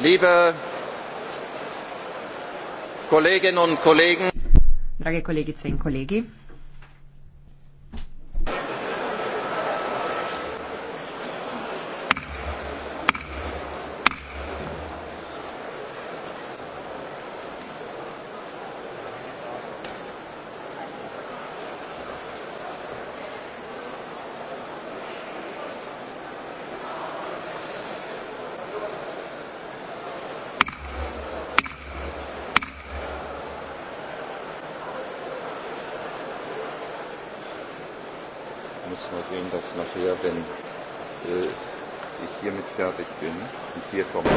Liebe Kolleginnen und Kollegen, drage kolegice in kolegi, muss mal sehen, dass nachher, wenn äh, ich hiermit fertig bin, und hier kommt.